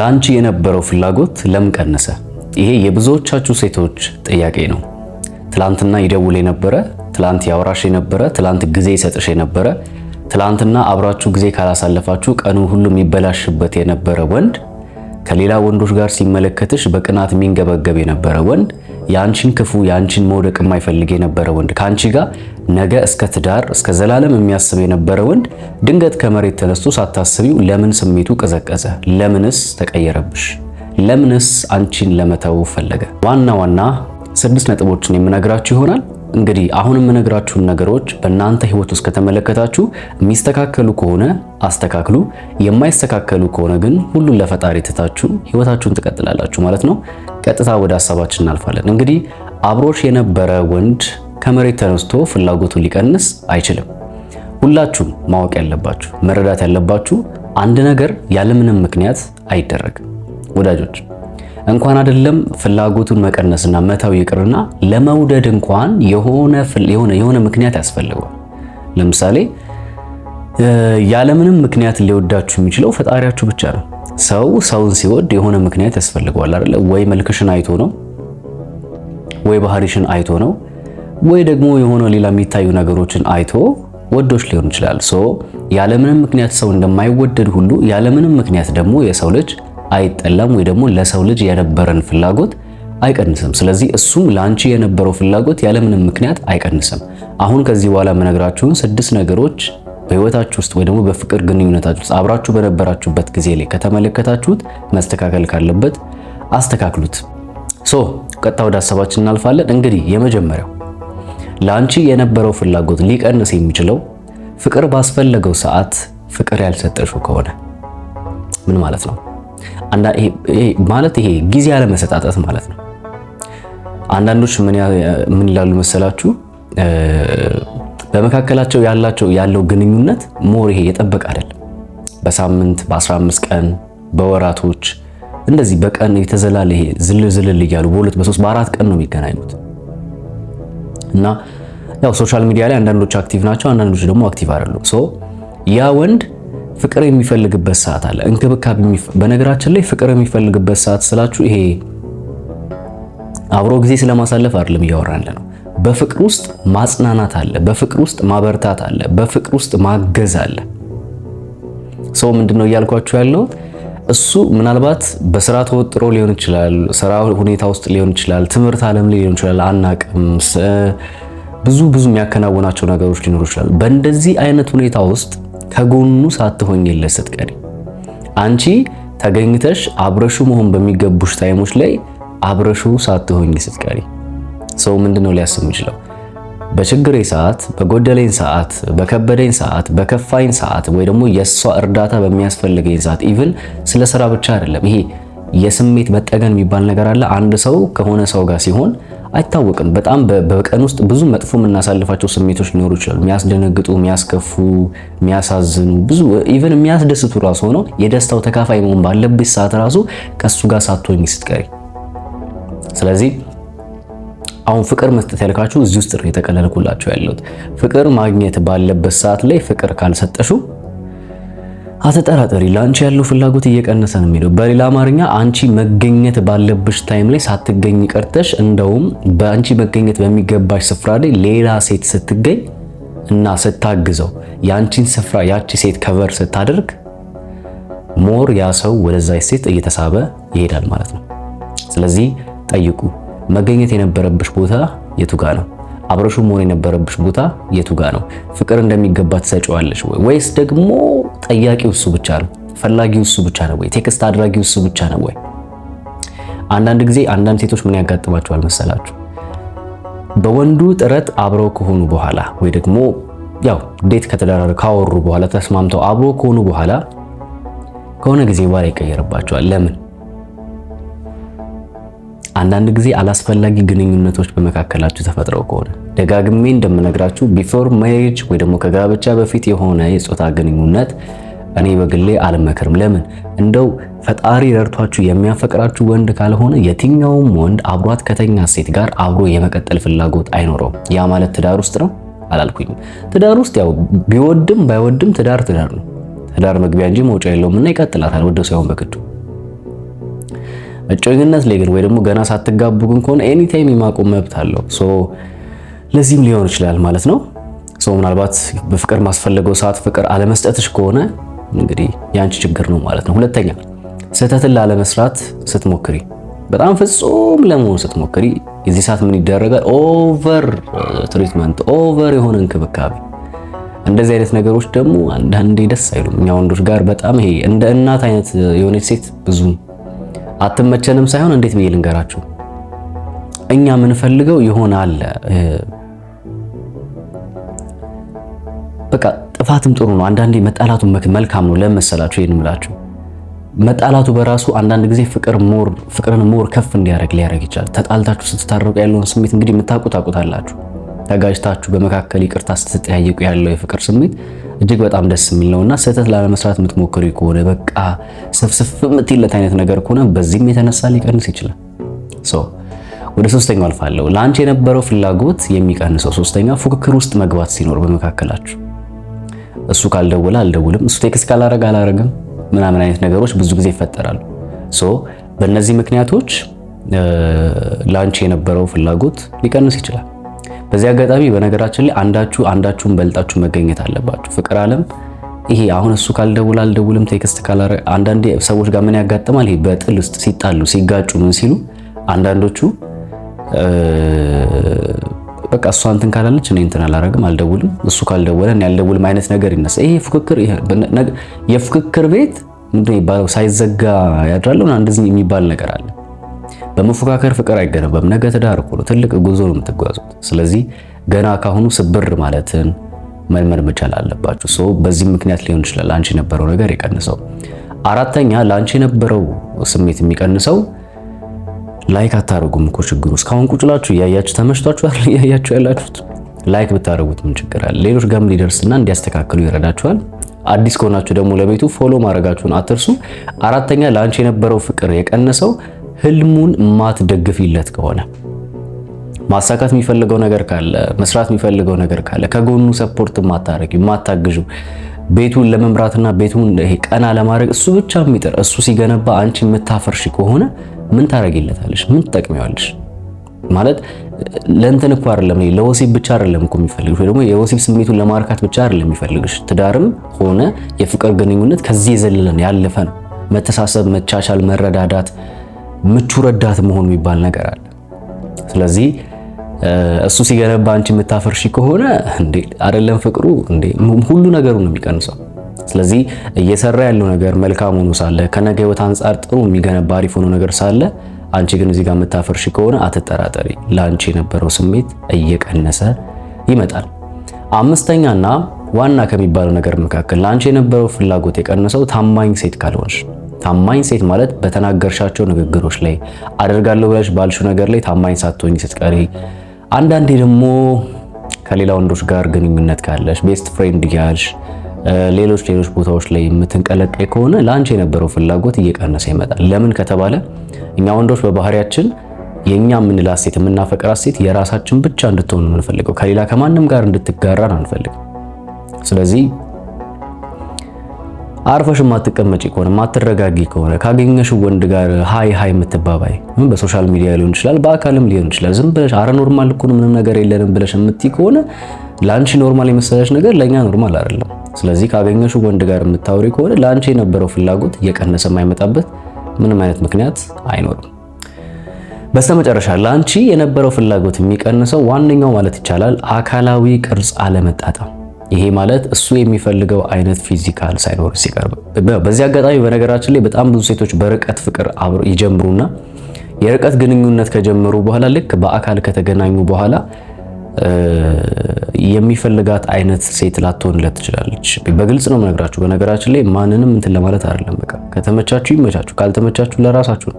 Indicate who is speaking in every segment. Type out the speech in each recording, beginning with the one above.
Speaker 1: ለአንቺ የነበረው ፍላጎት ለምን ቀነሰ? ይሄ የብዙዎቻችሁ ሴቶች ጥያቄ ነው። ትላንትና ይደውል የነበረ ትላንት ያወራሽ የነበረ ትላንት ጊዜ ይሰጥሽ የነበረ ትላንትና አብራችሁ ጊዜ ካላሳለፋችሁ ቀኑ ሁሉ የሚበላሽበት የነበረ ወንድ ከሌላ ወንዶች ጋር ሲመለከትሽ በቅናት የሚንገበገብ የነበረ ወንድ የአንቺን ክፉ የአንቺን መውደቅ የማይፈልግ የነበረ ወንድ ከአንቺ ጋር ነገ እስከ ትዳር እስከ ዘላለም የሚያስብ የነበረ ወንድ ድንገት ከመሬት ተነስቶ ሳታስቢው ለምን ስሜቱ ቀዘቀዘ? ለምንስ ተቀየረብሽ? ለምንስ አንቺን ለመተው ፈለገ? ዋና ዋና ስድስት ነጥቦችን የምነግራችሁ ይሆናል። እንግዲህ አሁን የምነግራችሁን ነገሮች በእናንተ ህይወት ውስጥ ከተመለከታችሁ የሚስተካከሉ ከሆነ አስተካክሉ፣ የማይስተካከሉ ከሆነ ግን ሁሉን ለፈጣሪ ትታችሁ ህይወታችሁን ትቀጥላላችሁ ማለት ነው። ቀጥታ ወደ ሀሳባችን እናልፋለን። እንግዲህ አብሮሽ የነበረ ወንድ ከመሬት ተነስቶ ፍላጎቱን ሊቀንስ አይችልም። ሁላችሁም ማወቅ ያለባችሁ መረዳት ያለባችሁ አንድ ነገር ያለምንም ምክንያት አይደረግም። ወዳጆች እንኳን አይደለም ፍላጎቱን መቀነስና መታው ይቅርና ለመውደድ እንኳን የሆነ የሆነ ምክንያት ያስፈልገዋል። ለምሳሌ ያለምንም ምክንያት ሊወዳችሁ የሚችለው ፈጣሪያችሁ ብቻ ነው። ሰው ሰውን ሲወድ የሆነ ምክንያት ያስፈልገዋል አይደለ? ወይ መልክሽን አይቶ ነው፣ ወይ ባህሪሽን አይቶ ነው፣ ወይ ደግሞ የሆነ ሌላ የሚታዩ ነገሮችን አይቶ ወዶች ሊሆን ይችላል። ሶ ያለምንም ምክንያት ሰው እንደማይወደድ ሁሉ ያለምንም ምክንያት ደግሞ የሰው ልጅ አይጠላም ወይ ደግሞ ለሰው ልጅ የነበረን ፍላጎት አይቀንስም። ስለዚህ እሱም ላንቺ የነበረው ፍላጎት ያለምንም ምክንያት አይቀንስም። አሁን ከዚህ በኋላ የምነግራችሁን ስድስት ነገሮች በህይወታችሁ ውስጥ ወይ ደግሞ በፍቅር ግንኙነታችሁ ውስጥ አብራችሁ በነበራችሁበት ጊዜ ላይ ከተመለከታችሁት መስተካከል ካለበት አስተካክሉት። ሶ ቀጥታ ወደ ሀሳባችን እናልፋለን። እንግዲህ የመጀመሪያው ለአንቺ የነበረው ፍላጎት ሊቀንስ የሚችለው ፍቅር ባስፈለገው ሰዓት ፍቅር ያልሰጠሽው ከሆነ ምን ማለት ነው? ማለት ይሄ ጊዜ ያለመሰጣጠት ማለት ነው። አንዳንዶች ምን ይላሉ መሰላችሁ በመካከላቸው ያላቸው ያለው ግንኙነት ሞር ይሄ የጠበቀ አይደለም። በሳምንት በ15 ቀን በወራቶች እንደዚህ በቀን የተዘላለ ይሄ ዝልል ዝልል እያሉ በሁለት በሶስት በአራት ቀን ነው የሚገናኙት እና ያው ሶሻል ሚዲያ ላይ አንዳንዶች አክቲቭ ናቸው፣ አንዳንዶች ደግሞ አክቲቭ አይደሉም። ሶ ያ ወንድ ፍቅር የሚፈልግበት ሰዓት አለ፣ እንክብካቤ። በነገራችን ላይ ፍቅር የሚፈልግበት ሰዓት ስላችሁ ይሄ አብሮ ጊዜ ስለማሳለፍ አይደለም እያወራን በፍቅር ውስጥ ማጽናናት አለ፣ በፍቅር ውስጥ ማበርታት አለ፣ በፍቅር ውስጥ ማገዝ አለ። ሰው ምንድነው እያልኳችሁ ያለሁት እሱ ምናልባት በስራ ተወጥሮ ሊሆን ይችላል፣ ስራ ሁኔታ ውስጥ ሊሆን ይችላል፣ ትምህርት ዓለም ላይ ሊሆን ይችላል፣ አናቅም ብዙ ብዙ የሚያከናውናቸው ነገሮች ሊኖሩ ይችላል። በእንደዚህ አይነት ሁኔታ ውስጥ ከጎኑ ሳትሆኝለት ስትቀሪ አንቺ ተገኝተሽ አብረሹ መሆን በሚገቡሽ ታይሞች ላይ አብረሹ ሳትሆኝ ስትቀሪ ሰው ምንድን ነው ሊያስብ የሚችለው? በችግሬ ሰዓት፣ በጎደለኝ ሰዓት፣ በከበደኝ ሰዓት፣ በከፋኝ ሰዓት ወይ ደግሞ የእሷ እርዳታ በሚያስፈልገኝ ሰዓት ኢቭን ስለ ስራ ብቻ አይደለም ይሄ የስሜት መጠገን የሚባል ነገር አለ። አንድ ሰው ከሆነ ሰው ጋር ሲሆን አይታወቅም። በጣም በቀን ውስጥ ብዙ መጥፎ የምናሳልፋቸው ስሜቶች ሊኖሩ ይችላሉ። የሚያስደነግጡ፣ የሚያስከፉ፣ የሚያሳዝኑ ብዙ ኢቨን የሚያስደስቱ ራሱ ሆነው የደስታው ተካፋይ መሆን ባለበት ሰዓት ራሱ ከእሱ ጋር ሳትሆኚ ስትቀሪ ስለዚህ አሁን ፍቅር መስጠት ያልካችሁ እዚህ ውስጥ ነው የተቀለልኩላችሁ ያለሁት። ፍቅር ማግኘት ባለበት ሰዓት ላይ ፍቅር ካልሰጠሹ አተጠራጠሪ ለአንቺ ያለው ፍላጎት እየቀነሰ ነው የሚለው። በሌላ አማርኛ አንቺ መገኘት ባለብሽ ታይም ላይ ሳትገኝ ቀርተሽ እንደውም በአንቺ መገኘት በሚገባሽ ስፍራ ላይ ሌላ ሴት ስትገኝ እና ስታግዘው የአንቺን ስፍራ ያቺ ሴት ከቨር ስታደርግ ሞር ያ ሰው ወደዛ ሴት እየተሳበ ይሄዳል ማለት ነው። ስለዚህ ጠይቁ። መገኘት የነበረብሽ ቦታ የቱ ጋ ነው? አብረሹ መሆን የነበረብሽ ቦታ የቱ ጋ ነው? ፍቅር እንደሚገባ ትሰጪዋለሽ ወይ? ወይስ ደግሞ ጠያቂው እሱ ብቻ ነው? ፈላጊው እሱ ብቻ ነው ወይ? ቴክስት አድራጊው እሱ ብቻ ነው ወይ? አንዳንድ ጊዜ አንዳንድ ሴቶች ምን ያጋጥማቸዋል መሰላችሁ? በወንዱ ጥረት አብረው ከሆኑ በኋላ ወይ ደግሞ ያው ዴት ከተደረገ ካወሩ በኋላ ተስማምተው አብሮ ከሆኑ በኋላ ከሆነ ጊዜ በኋላ ይቀየርባቸዋል። ለምን አንዳንድ ጊዜ አላስፈላጊ ግንኙነቶች በመካከላችሁ ተፈጥረው ከሆነ ደጋግሜ እንደምነግራችሁ ቢፎር ማሬጅ ወይ ደግሞ ከጋብቻ በፊት የሆነ የጾታ ግንኙነት እኔ በግሌ አልመክርም። ለምን እንደው ፈጣሪ ረድቷችሁ የሚያፈቅራችሁ ወንድ ካልሆነ የትኛውም ወንድ አብሯት ከተኛ ሴት ጋር አብሮ የመቀጠል ፍላጎት አይኖረውም። ያ ማለት ትዳር ውስጥ ነው አላልኩኝም። ትዳር ውስጥ ያው ቢወድም ባይወድም ትዳር ትዳር ነው። ትዳር መግቢያ እንጂ መውጫ የለውም እና ይቀጥላታል ወደ ሳይሆን በግዱ እጮኝነት ላይ ግን ወይ ደግሞ ገና ሳትጋቡ ግን ከሆነ ኤኒ ታይም የማቆም መብት አለው። ሶ ለዚህም ሊሆን ይችላል ማለት ነው። ሶ ምናልባት በፍቅር ማስፈለገው ሰዓት ፍቅር አለመስጠትሽ ከሆነ እንግዲህ ያንቺ ችግር ነው ማለት ነው። ሁለተኛ ስህተትን ላለመስራት ስትሞክሪ፣ በጣም ፍጹም ለመሆን ስትሞክሪ የዚህ ሰዓት ምን ይደረጋል? ኦቨር ትሪትመንት፣ ኦቨር የሆነ እንክብካቤ። እንደዚህ አይነት ነገሮች ደግሞ አንዳንዴ ደስ አይሉም። እኛ ወንዶች ጋር በጣም ይሄ እንደ እናት አይነት የሆነች ሴት ብዙም አትመቸንም ሳይሆን እንዴት ብዬ ልንገራችሁ፣ እኛ የምንፈልገው ይሆን አለ። በቃ ጥፋትም ጥሩ ነው። አንዳንዴ መጣላቱ መልካም ነው። ለምን ይሄን መጣላቱ በራሱ አንዳንድ ጊዜ ፍቅር ሞር ፍቅርን ሞር ከፍ እንዲያደርግ ሊያደርግ ይችላል። ተጣልታችሁ ስትታረቁ ያለውን ስሜት እንግዲህ የምታውቁ ታውቁታላችሁ። ተጋጅታችሁ በመካከል ይቅርታ ስትጠያየቁ ያለው የፍቅር ስሜት እጅግ በጣም ደስ የሚል ነውና ስህተት ላለመስራት የምትሞክሪ ከሆነ በቃ ስፍስፍ የምትይለት አይነት ነገር ከሆነ በዚህም የተነሳ ሊቀንስ ይችላል። ወደ ሶስተኛው አልፋለሁ። ለአንቺ የነበረው ፍላጎት የሚቀንሰው ሶስተኛ ፉክክር ውስጥ መግባት ሲኖር በመካከላችሁ እሱ ካልደወለ አልደውልም፣ እሱ ቴክስት ካላረግ አላረግም ምናምን አይነት ነገሮች ብዙ ጊዜ ይፈጠራሉ። ሶ በእነዚህ ምክንያቶች ለአንቺ የነበረው ፍላጎት ሊቀንስ ይችላል። በዚህ አጋጣሚ በነገራችን ላይ አንዳችሁ አንዳችሁን በልጣችሁ መገኘት አለባችሁ። ፍቅር አለም ይሄ አሁን እሱ ካልደውል አልደውልም ቴክስት ካላረ አንዳንዴ ሰዎች ጋር ምን ያጋጥማል? ይሄ በጥል ውስጥ ሲጣሉ ሲጋጩ ምን ሲሉ አንዳንዶቹ በቃ እሷ እንትን ካላለች እኔ እንትን አላረግም አልደውልም፣ እሱ ካልደወለ እኔ አልደውልም አይነት ነገር ይነሳ። ይሄ ፉክክር የፉክክር ቤት ምንድን ነው ሳይዘጋ ያድራለሁ እንደዚህ የሚባል ነገር አለ። በመፎካከር ፍቅር አይገነባም። ነገ ትዳር እኮ ነው፣ ትልቅ ጉዞ ነው የምትጓዙት። ስለዚህ ገና ካሁኑ ስብር ማለትን መልመድ መቻል አለባችሁ። ሶ በዚህ ምክንያት ሊሆን ይችላል አንቺ የነበረው ነገር የቀንሰው። አራተኛ ለአንቺ የነበረው ስሜት የሚቀንሰው ላይክ አታደርጉም እኮ ችግሩ። እስካሁን ቁጭ ላችሁ እያያችሁ ተመችቷችኋል፣ እያያችሁ ያላችሁት ላይክ ብታደርጉት ምን ችግር አለ? ሌሎች ጋርም ሊደርስና እንዲያስተካክሉ ይረዳችኋል። አዲስ ከሆናችሁ ደግሞ ለቤቱ ፎሎ ማድረጋችሁን አትርሱ። አራተኛ ለአንቺ የነበረው ፍቅር የቀነሰው ህልሙን ማትደግፊለት ከሆነ ማሳካት የሚፈልገው ነገር ካለ መስራት የሚፈልገው ነገር ካለ ከጎኑ ሰፖርት ማታረጊ ማታግዡ ቤቱን ለመምራትና ቤቱን ይሄ ቀና ለማድረግ እሱ ብቻ የሚጥር እሱ ሲገነባ አንቺ የምታፈርሽ ከሆነ ምን ታረጊለታለሽ? ምን ትጠቅሚዋለሽ? ማለት ለእንትን እኮ አይደለም ለወሲብ ብቻ አይደለም እኮ የሚፈልግሽ፣ ወይ ደግሞ የወሲብ ስሜቱን ለማርካት ብቻ አይደለም የሚፈልግሽ። ትዳርም ሆነ የፍቅር ግንኙነት ከዚህ የዘለለን ያለፈ ነው። መተሳሰብ፣ መቻቻል፣ መረዳዳት ምቹ ረዳት መሆን የሚባል ነገር አለ። ስለዚህ እሱ ሲገነባ አንቺ የምታፈርሺ ከሆነ እንዴ አይደለም ፍቅሩ እንዴ ሁሉ ነገሩ ነው የሚቀንሰው። ስለዚህ እየሰራ ያለው ነገር መልካም ሆኖ ሳለ ከነገ ህይወት አንጻር ጥሩ የሚገነባ አሪፍ ሆኖ ነገር ሳለ አንቺ ግን እዚህ ጋር የምታፈርሺ ከሆነ አትጠራጠሪ፣ ለአንቺ የነበረው ስሜት እየቀነሰ ይመጣል። አምስተኛና ዋና ከሚባለው ነገር መካከል ለአንቺ የነበረው ፍላጎት የቀነሰው ታማኝ ሴት ካልሆንሽ ታማኝ ሴት ማለት በተናገርሻቸው ንግግሮች ላይ አደርጋለሁ ብለሽ ባልሽው ነገር ላይ ታማኝ ሳትሆኝ ስትቀሪ፣ አንዳንዴ ደግሞ ከሌላ ወንዶች ጋር ግንኙነት ካለሽ ቤስት ፍሬንድ ያልሽ ሌሎች ሌሎች ቦታዎች ላይ የምትንቀለቀይ ከሆነ ለአንቺ የነበረው ፍላጎት እየቀነሰ ይመጣል። ለምን ከተባለ እኛ ወንዶች በባህሪያችን የኛ የምንላት ሴት የምናፈቅራት ሴት የራሳችን ብቻ እንድትሆን የምንፈልገው ከሌላ ከማንም ጋር እንድትጋራን አንፈልግም። ስለዚህ አርፈሽ ማትቀመጪ ከሆነ ማትረጋጊ ከሆነ ካገኘሽ ወንድ ጋር ሀይ ሀይ የምትባባይ ምን በሶሻል ሚዲያ ሊሆን ይችላል፣ በአካልም ሊሆን ይችላል። ዝም ብለሽ አረ ኖርማል እኮ ምንም ነገር የለንም ብለሽ የምትይ ከሆነ ለአንቺ ኖርማል የመሰለሽ ነገር ለእኛ ኖርማል አይደለም። ስለዚህ ካገኘሽ ወንድ ጋር የምታወሪ ከሆነ ለአንቺ የነበረው ፍላጎት እየቀነሰ የማይመጣበት ምንም አይነት ምክንያት አይኖርም። በስተመጨረሻ ለአንቺ የነበረው ፍላጎት የሚቀንሰው ዋነኛው ማለት ይቻላል አካላዊ ቅርጽ አለመጣጣም ይሄ ማለት እሱ የሚፈልገው አይነት ፊዚካል ሳይኖር ሲቀርብ። በዚህ አጋጣሚ በነገራችን ላይ በጣም ብዙ ሴቶች በርቀት ፍቅር አብረው ይጀምሩና የርቀት ግንኙነት ከጀመሩ በኋላ ልክ በአካል ከተገናኙ በኋላ የሚፈልጋት አይነት ሴት ላትሆንለት ትችላለች። በግልጽ ነው የምነግራችሁ። በነገራችን ላይ ማንንም እንትን ለማለት አይደለም። በቃ ከተመቻችሁ ይመቻችሁ፣ ካልተመቻችሁ ለራሳችሁ ነው።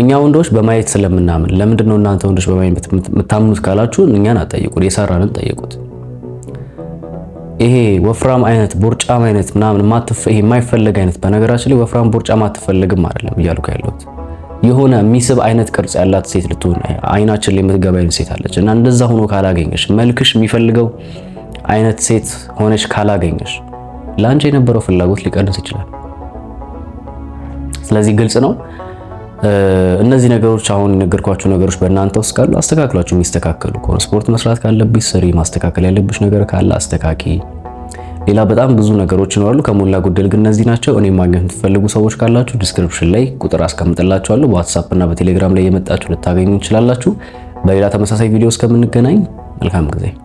Speaker 1: እኛ ወንዶች በማየት ስለምናምን ለምንድን ነው እናንተ ወንዶች በማየት የምታምኑት ካላችሁ እኛን አትጠይቁን፣ የሰራንን ጠይቁት። ይሄ ወፍራም አይነት ቦርጫም አይነት ምናምን ይሄ የማይፈለግ አይነት በነገራችን ላይ ወፍራም ቦርጫም አትፈለግም አይደለም እያልኩ ያለሁት የሆነ ሚስብ አይነት ቅርጽ ያላት ሴት ልትሆን አይናችን ላይ የምትገባ አይነት ሴት አለች እና እንደዛ ሆኖ ካላገኘሽ መልክሽ የሚፈልገው አይነት ሴት ሆነች ካላገኘሽ ለአንቺ የነበረው ፍላጎት ሊቀንስ ይችላል። ስለዚህ ግልጽ ነው። እነዚህ ነገሮች አሁን የነገርኳቸው ነገሮች በእናንተ ውስጥ ካሉ አስተካክሏቸው። የሚስተካከሉ ከሆነ ስፖርት መስራት ካለብሽ ስሪ፣ ማስተካከል ያለብሽ ነገር ካለ አስተካኪ። ሌላ በጣም ብዙ ነገሮች ይኖራሉ። ከሞላ ጎደል ግን እነዚህ ናቸው። እኔ ማግኘት የምትፈልጉ ሰዎች ካላችሁ ዲስክሪፕሽን ላይ ቁጥር አስቀምጥላችኋለሁ። በዋትሳፕ እና በቴሌግራም ላይ የመጣችሁ ልታገኙ እንችላላችሁ። በሌላ ተመሳሳይ ቪዲዮ እስከምንገናኝ መልካም ጊዜ